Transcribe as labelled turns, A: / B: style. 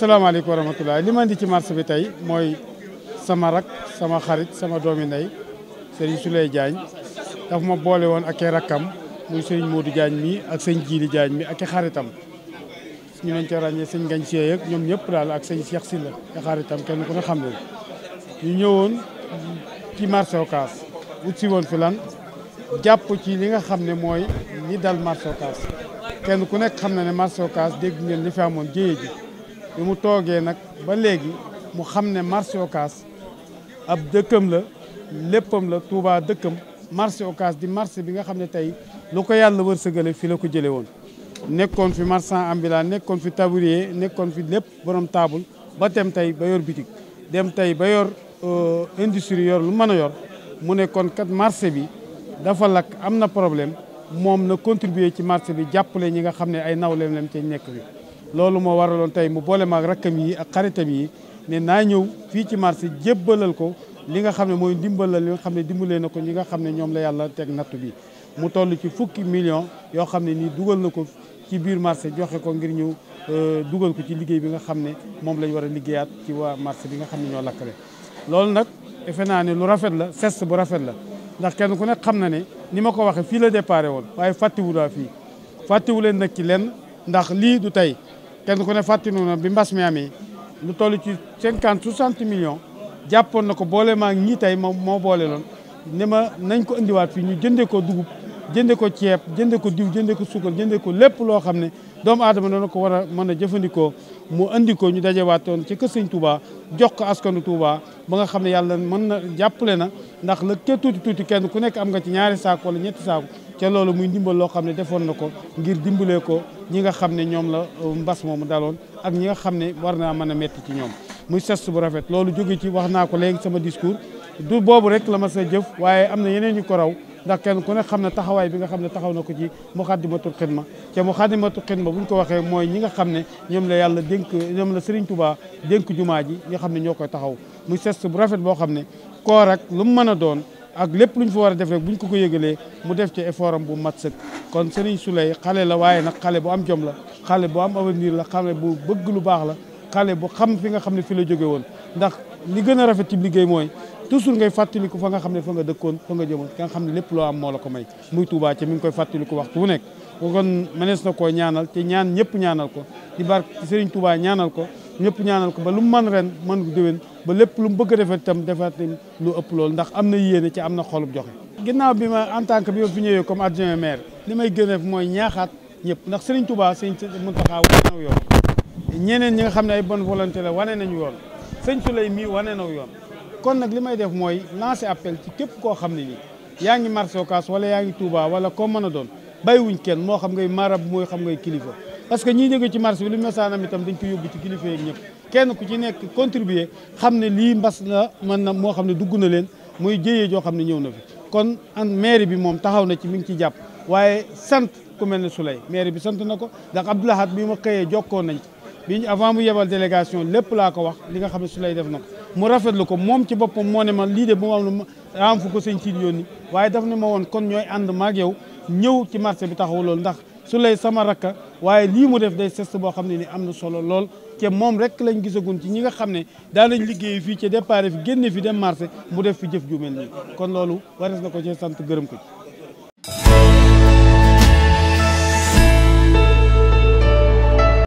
A: salaamaaleykum wa rahmatulah li ma indi ci marché bi tey mooy sama rak sama xarit sama doomi ndey sëriñ Souley jaañ daf ma boole woon ak i rakkam muy sëriñ Modou Diagne ak sëñ Jiili Diagne mi ak i xaritam. ñu leen ci ràññee sëñ Ngañ Seye ñoom ñëpp daal ak sëñ Cheikh Sylla i xaritam kenn ku ne xam leen ñu ñëwoon ci marché Ocass woon fi lan jàpp ci li nga xam ne mooy li dal marché Ocass kenn ku nekk xam na ne marché Ocass dégg ngeen li fi amoon jéye ji. bi mu toogee nag ba léegi mu xam ne marché Ocass ab dëkkam la léppam la Touba dëkkam marché Ocass di marché bi nga xam ne tey lu ko yàlla wërsëgale fi la ko jëlee woon nekkoon fi marchand ambulant nekkoon fi tablier nekkoon fi lépp borom taabul ba dem tey ba yor dem tey ba yor industrie lu mën a yor mu nekkoon kon kat marché bi dafa lakk am na problème moom na contribuer ci marché bi jàppale ñi nga xam ne ay nawleem lañ ci nekk bi loolu moo waraloon tey mu boole maag rakkam yi ak xaritam yi ne naa ñëw fii ci marché jébbalal ko li nga xam ne mooy ndimbalal li xam ne dimbalee na ko ñi nga xam ne ñoom la yàlla teg natt bi mu toll ci fukki million yoo xam ne nii dugal na ko ci biir marché joxe ko ngir ñu euh, dugal ko ci liggéey bi nga xam ne moom lañ war a liggéeyaat ci waa marché bi nga xam ne ñoo lakkale loolu nag defe naa ne lu rafet la geste bu rafet la ndax kenn ku nekk xam na ne ni ma ko waxee fii la déparé woon waaye fàttiwu fii fàttiwu leen nag ci lenn ndax lii du tey kenn ku ne fàttinu na bi mbas mi amee lu toll ci cinquante soixante millions jàppoon na ko boole maa ñii tey moom moo boole loon ne ma nañ ko indiwaat fii ñu jëndee ko dugub jënde ko ceeb jënde ko diw jënde ko suukar jënde ko lépp loo xam ne doomu aadama dana ko war a mën a jëfandikoo mu andi ko ñu dajewaatoon ci kër sëñ Touba jox ko askanu Touba ba nga xam ne yàlla mën na jàppale na ndax la ke tuuti tuuti kenn ku nekk am nga ci ñaari saako wala ñetti saako ca loolu muy ndimbal loo xam ne defoon na ko ngir dimbalee ko ñi nga xam ne ñoom la euh, mbas moomu daloon ak ñi nga xam ne war naa mën a métti ci ñoom muy sess bu rafet loolu jóge ci wax naa ko léegi sama discours du boobu rek la ma sa jëf waaye am na yeneen ñu ko raw ndax kenn ku ne xam ne taxawaay bi nga xam ne taxaw na ko ci Moukhaddamatoul Khidma te Moukhaddamatoul Khidma bu ñu ko waxee mooy ñi nga xam ne ñoom la yàlla dénk ñoom la Serigne Touba dénk jumaa ji nga xam ne ñoo koy taxaw mu geste bu rafet boo xam ne koo ak lu mu mën a doon ak lépp lu ñu fa war a def rek bu ñu ko ko yëgalee mu def ci effort am bu mat sëkk kon Serigne Souley xale la waaye nag xale bu am jom la xale bu am avenir la xale bu bëgg lu baax la xale bu xam fi nga xam ne fi la jóge woon ndax li gën a rafet ci liggéey mooy toujours ngay fàttaliku fa nga xam ne fa nga dëkkoon fa nga jëmoon nga xam ne lépp loo am moo la ko may muy Touba ci mi ngi koy fàttaliku waxtu wu nekk kon na koo ñaanal te ñaan ñëpp ñaanal ko ci barke Serigne Touba ñaanal ko ñëpp ñaanal ko ba lu mu mën ren mën ko déwén ba lépp lu mu bëgg a defar itam defaat lu ëpp loolu ndax am na yéene ci am na xolub joxe ginnaaw bi ma en tant que bi ma fi ñëwee comme adjoint maire li may gën a def mooy ñaaxaat ñëpp ndax Serigne Touba Serigne Mountakha wane naw ñeneen ñi nga xam ne ay bonne volonté la wane nañu yoon Serigne Souley mii wane naw yoon kon nag li may def mooy lancer appel ci képp koo xam ne nii yaa ngi marché Ocass wala yaa ngi Touba wala koo mën a doon wuñ kenn moo xam ngay marab mooy xam ngay kilifa parce que ñii jóge ci marché bi lu mesaanam itam dañ ko yóbbu ci kilifa yeeg ñëpp kenn ku ci nekk contribuer xam ne lii mbas na mën na moo xam ne dugg na leen muy jëyee joo xam ne ñëw na fi kon an maire bi moom taxaw na ci mi ngi ciy jàpp waaye sant ku mel ne Souley maire bi sant na ko ndax Abdoulahat bi ma xëyee jokkoo nañ ci ñu avant mu yebal délégation lépp laa ko wax li nga xam ne Souley def na mu rafetlu ko moom ci boppam moo ne ma lii de bu ma am am fu ko sëñ yoon yónni waaye daf ne ma woon kon ñooy ànd maag yow ñëw ci marché bi taxaw loolu ndax su lay sama rakka waaye lii mu def day sest boo xam ne ni am na solo lool te moom rek lañ gisagun ci ñi nga xam ne daanañ liggéey fii ci départ fi génne fi dem marché mu def fi jëf ju mel nii kon loolu warees na ko ci sant gërëm ko ci